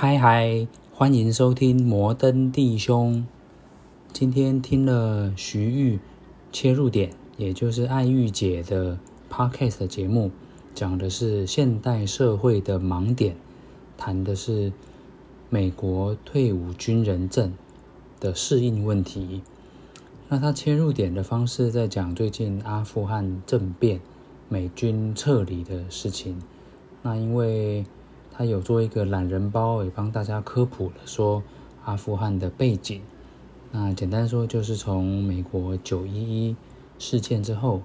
嗨嗨，hi hi，歡迎收聽摩登弟兄。今天聽了徐豫切入點，也就是愛玉姐的 podcast 的節目，講的是現代社會的盲點，談的是美國退伍軍人證的適應問題。那他切入點的方式在講最近阿富汗政變、美軍撤離的事情。那因為他有做一個懶人包，也幫大家科普了說阿富汗的背景。那簡單說就是從美國九一一事件之後，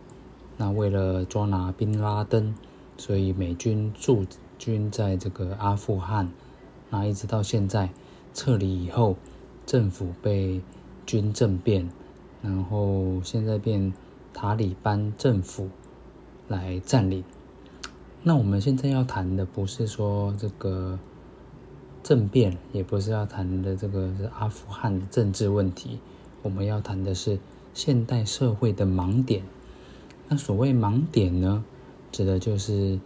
那為了捉拿賓拉登，所以美軍駐軍在這個阿富汗，那一直到現在撤離以後，政府被軍政變，然後現在變塔里班政府來占領。那我們現在要談的不是說這個政變，也不是要談的這個阿富汗的政治問題，我們要談的是現代社會的盲點。那所謂盲點呢，指的就是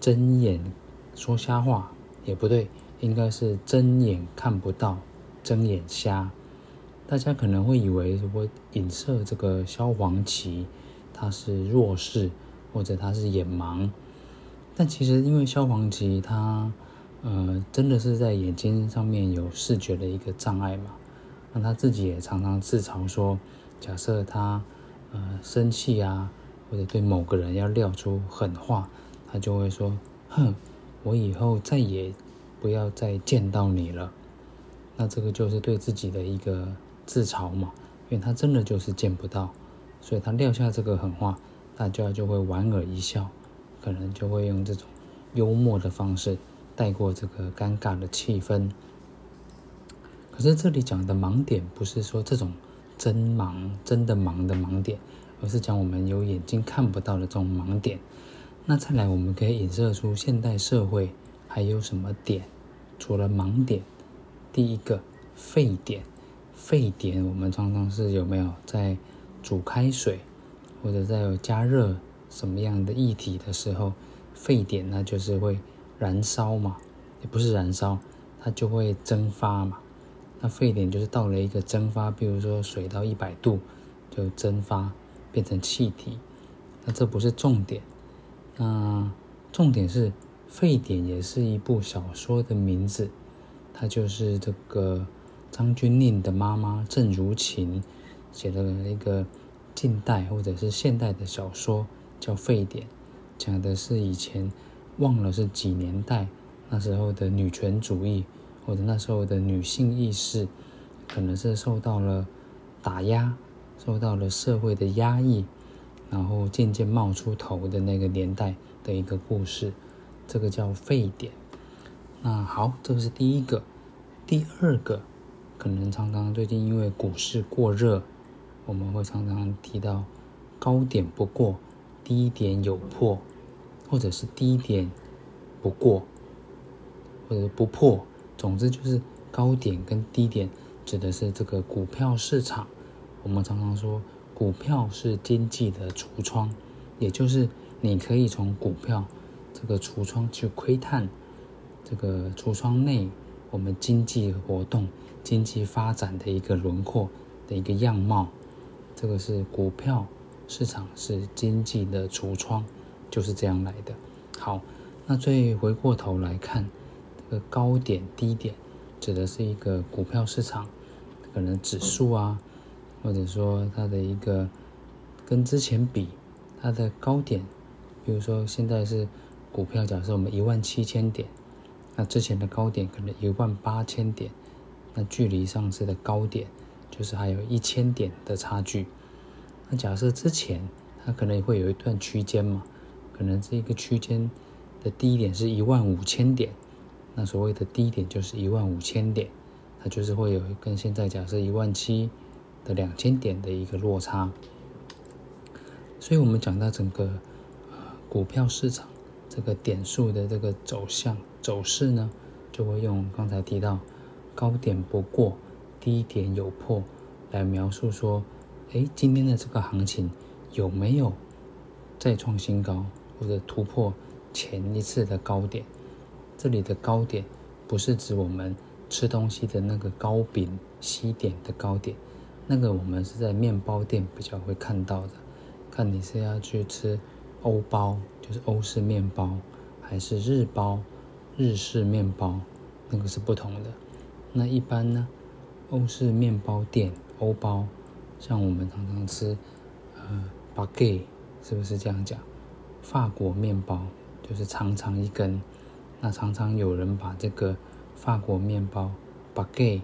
睜眼說瞎話，也不對，應該是睜眼看不到，睜眼瞎。大家可能會以為我影射這個蕭煌奇，他是弱勢，或者他是眼盲。但其實，因為蕭煌奇他，呃，真的是在眼睛上面有視覺的一個障礙嘛，那他自己也常常自嘲說，假設他呃生氣啊，或者對某個人要撂出狠話，他就會說：哼，我以後再也不不要再見到你了。那這個就是對自己的一個自嘲嘛，因為他真的就是見不到，所以他撂下這個狠話，大家就會莞爾一笑。可能就會用這種幽默的方式帶過這個尷尬的氣氛。可是這裡講的盲點不是說這種真盲，真的盲的盲點，而是講我們有眼睛看不到的這種盲點。那再來，我們可以引申出現代社會還有什麼點？除了盲點，第一個沸點。沸點，我們常常是有沒有在煮開水，或者在加熱？什麼樣的液體的時候，沸點呢？就是會燃燒嘛，也不是燃燒，它就會蒸發嘛。那沸點就是到了一個蒸發，比如說水到一百度就蒸發變成氣體。那這不是重點，那重點是沸點也是一部小說的名字，它就是這個張鈞甯的媽媽鄭如晴寫的一個近代或者是現代的小說。叫沸點，講的是以前忘了是幾年代，那時候的女權主義或者那時候的女性意識，可能是受到了打壓，受到了社會的壓抑，然後漸漸冒出頭的那個年代的一個故事。這個叫沸點。那好，這是第一個。第二個，可能常常最近因為股市過熱，我們會常常提到高點不過。低點有破，或者是低點不過，或者不破，總之就是高點跟低點指的是這個股票市場。我們常常說，股票是經濟的櫥窗，也就是你可以從股票這個櫥窗去窺探這個櫥窗內我們經濟活動、經濟發展的一個輪廓的一個樣貌。這個是股票。市場是經濟的櫥窗，就是這樣來的。好，那再回過頭來看，這個高點、低點，指的是一個股票市場，可能指數啊，或者說它的一個跟之前比，它的高點，比如說現在是股票，假設我們一萬七千點，那之前的高點可能一萬八千點，那距離上次的高點就是還有一千點的差距。那假設之前它可能也會有一段區間嘛，可能這個區間的低點是一萬五千點，那所謂的低點就是一萬五千點，它就是會有跟現在假設一萬七的兩千點的一個落差。所以，我們講到整個股票市場這個點數的這個走向走勢呢，就會用剛才提到高點不過，低點有破來描述說。哎，今天的這個行情有沒有再創新高，或者突破前一次的高點？這裡的高點不是指我們吃東西的那個糕餅、西點的糕點，那個我們是在麵包店比較會看到的。看你是要去吃歐包，就是歐式麵包，還是日包，日式麵包，那個是不同的。那一般呢，歐式麵包店，歐包。像我們常常吃，呃，baguette 是不是這樣講？法國麵包就是長長一根。那常常有人把這個法國麵包 baguette，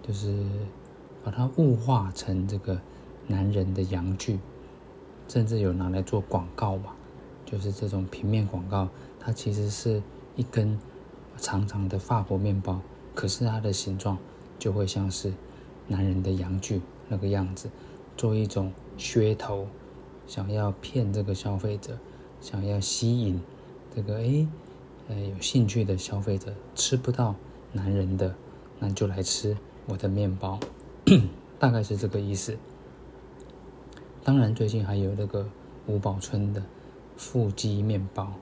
就是把它物化成這個男人的陽具，甚至有拿來做廣告嘛？就是這種平面廣告，它其實是一根長長的法國麵包，可是它的形狀就會像是男人的陽具。那個樣子，做一種噱頭，想要騙這個消費者，想要吸引這個哎哎有興趣的消費者，吃不到男人的，那就來吃我的麵包， 大概是這個意思。當然，最近還有那個吳寶春的腹肌麵包、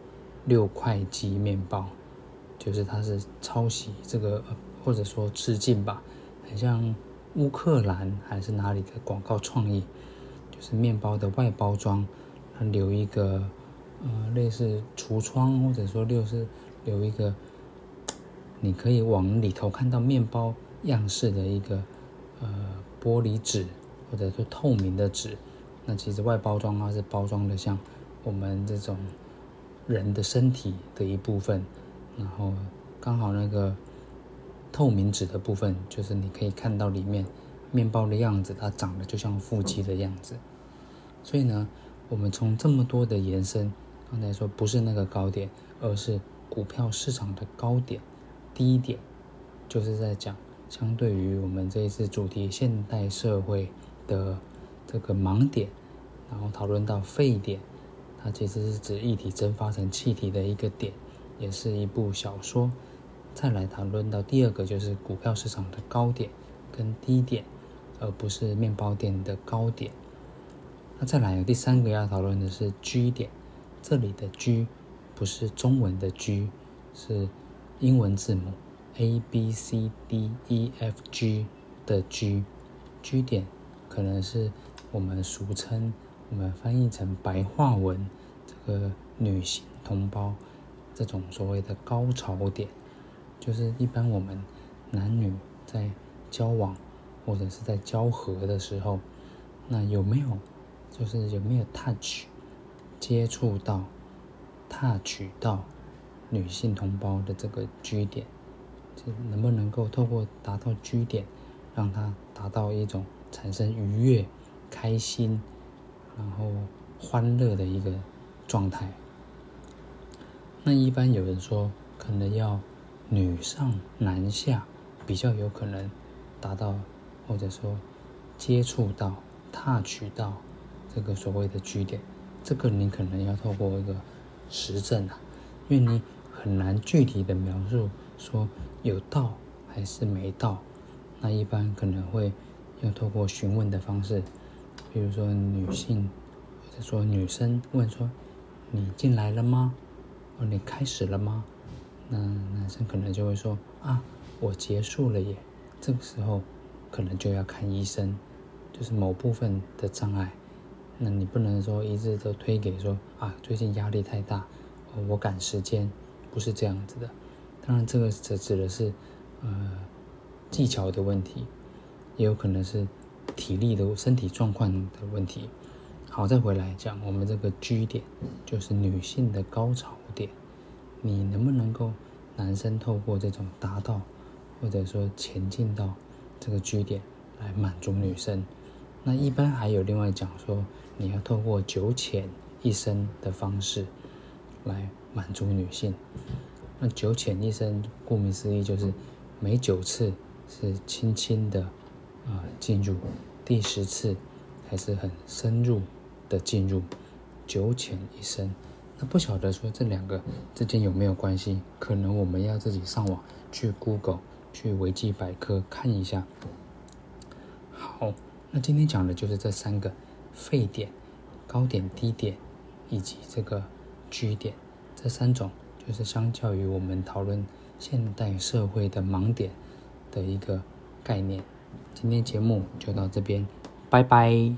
六塊肌麵包，就是它是抄襲這個或者說致敬吧，很像。烏克蘭還是哪裡的廣告創意，就是面包的外包裝，它留一個，呃，類似櫥窗，或者說就是留一個，你可以往裡頭看到面包樣式的一個，呃，玻璃紙，或者是透明的紙。那其實外包裝它是包裝的像我們這種人的身體的一部分，然後剛好那個。透明紙的部分，就是你可以看到裡面麵包的樣子，它長得就像腹肌的樣子。嗯。所以呢，我們從這麼多的延伸，剛才說不是那個高點，而是股票市場的高點、低點，就是在講相對於我們這一次主題，現代社會的這個盲點，然後討論到沸點，它其實是指液體蒸發成氣體的一個點，也是一部小說。再來談論到第二個，就是股票市場的高點跟低點，而不是麵包店的高點。那再來有第三個要討論的是 G 點，這裡的 G 不是中文的 G，是英文字母 A B C D E F G 的 G。G 點可能是我們俗稱，我們翻譯成白話文這個女性同胞這種所謂的高潮點。就是一般我們男女在交往或者是在交合的時候，那有沒有就是有沒有 touch 接觸到 touch 到女性同胞的這個 G 點，就能不能夠透過達到 G 點，讓她達到一種產生愉悅、開心，然後歡樂的一個狀態？那一般有人說，可能要。女上男下比較有可能達到，或者說接觸到、踏取到這個所謂的據點，這個你可能要透過一個實證啊，因為你很難具體的描述說有到還是沒到。那一般可能會要透過詢問的方式，比如說女性或者說女生問說：“你進來了嗎？”哦，你開始了嗎？那男生可能就會說啊，我結束了耶，這個時候可能就要看醫生，就是某部分的障礙。那你不能說一直都推給說啊，最近壓力太大，我趕時間，不是這樣子的。當然這個指指的是呃技巧的問題，也有可能是體力的、身體狀況的問題。好，再回來講我們這個 G 點，就是女性的高潮點。你能不能夠男生透過這種達到，或者說前進到這個據點來滿足女生？那一般還有另外講說，你要透過九淺一深的方式來滿足女性。那九淺一深，顧名思義就是每九次是輕輕的啊進入，第十次還是很深入的進入，九淺一深。不曉得說這兩個之間有沒有關係？可能我們要自己上網去 Google、去維基百科看一下。好，那今天講的就是這三個：沸點、高點、低點，以及這個局點。這三種就是相較於我們討論現代社會的盲點的一個概念。今天節目就到這邊，拜拜。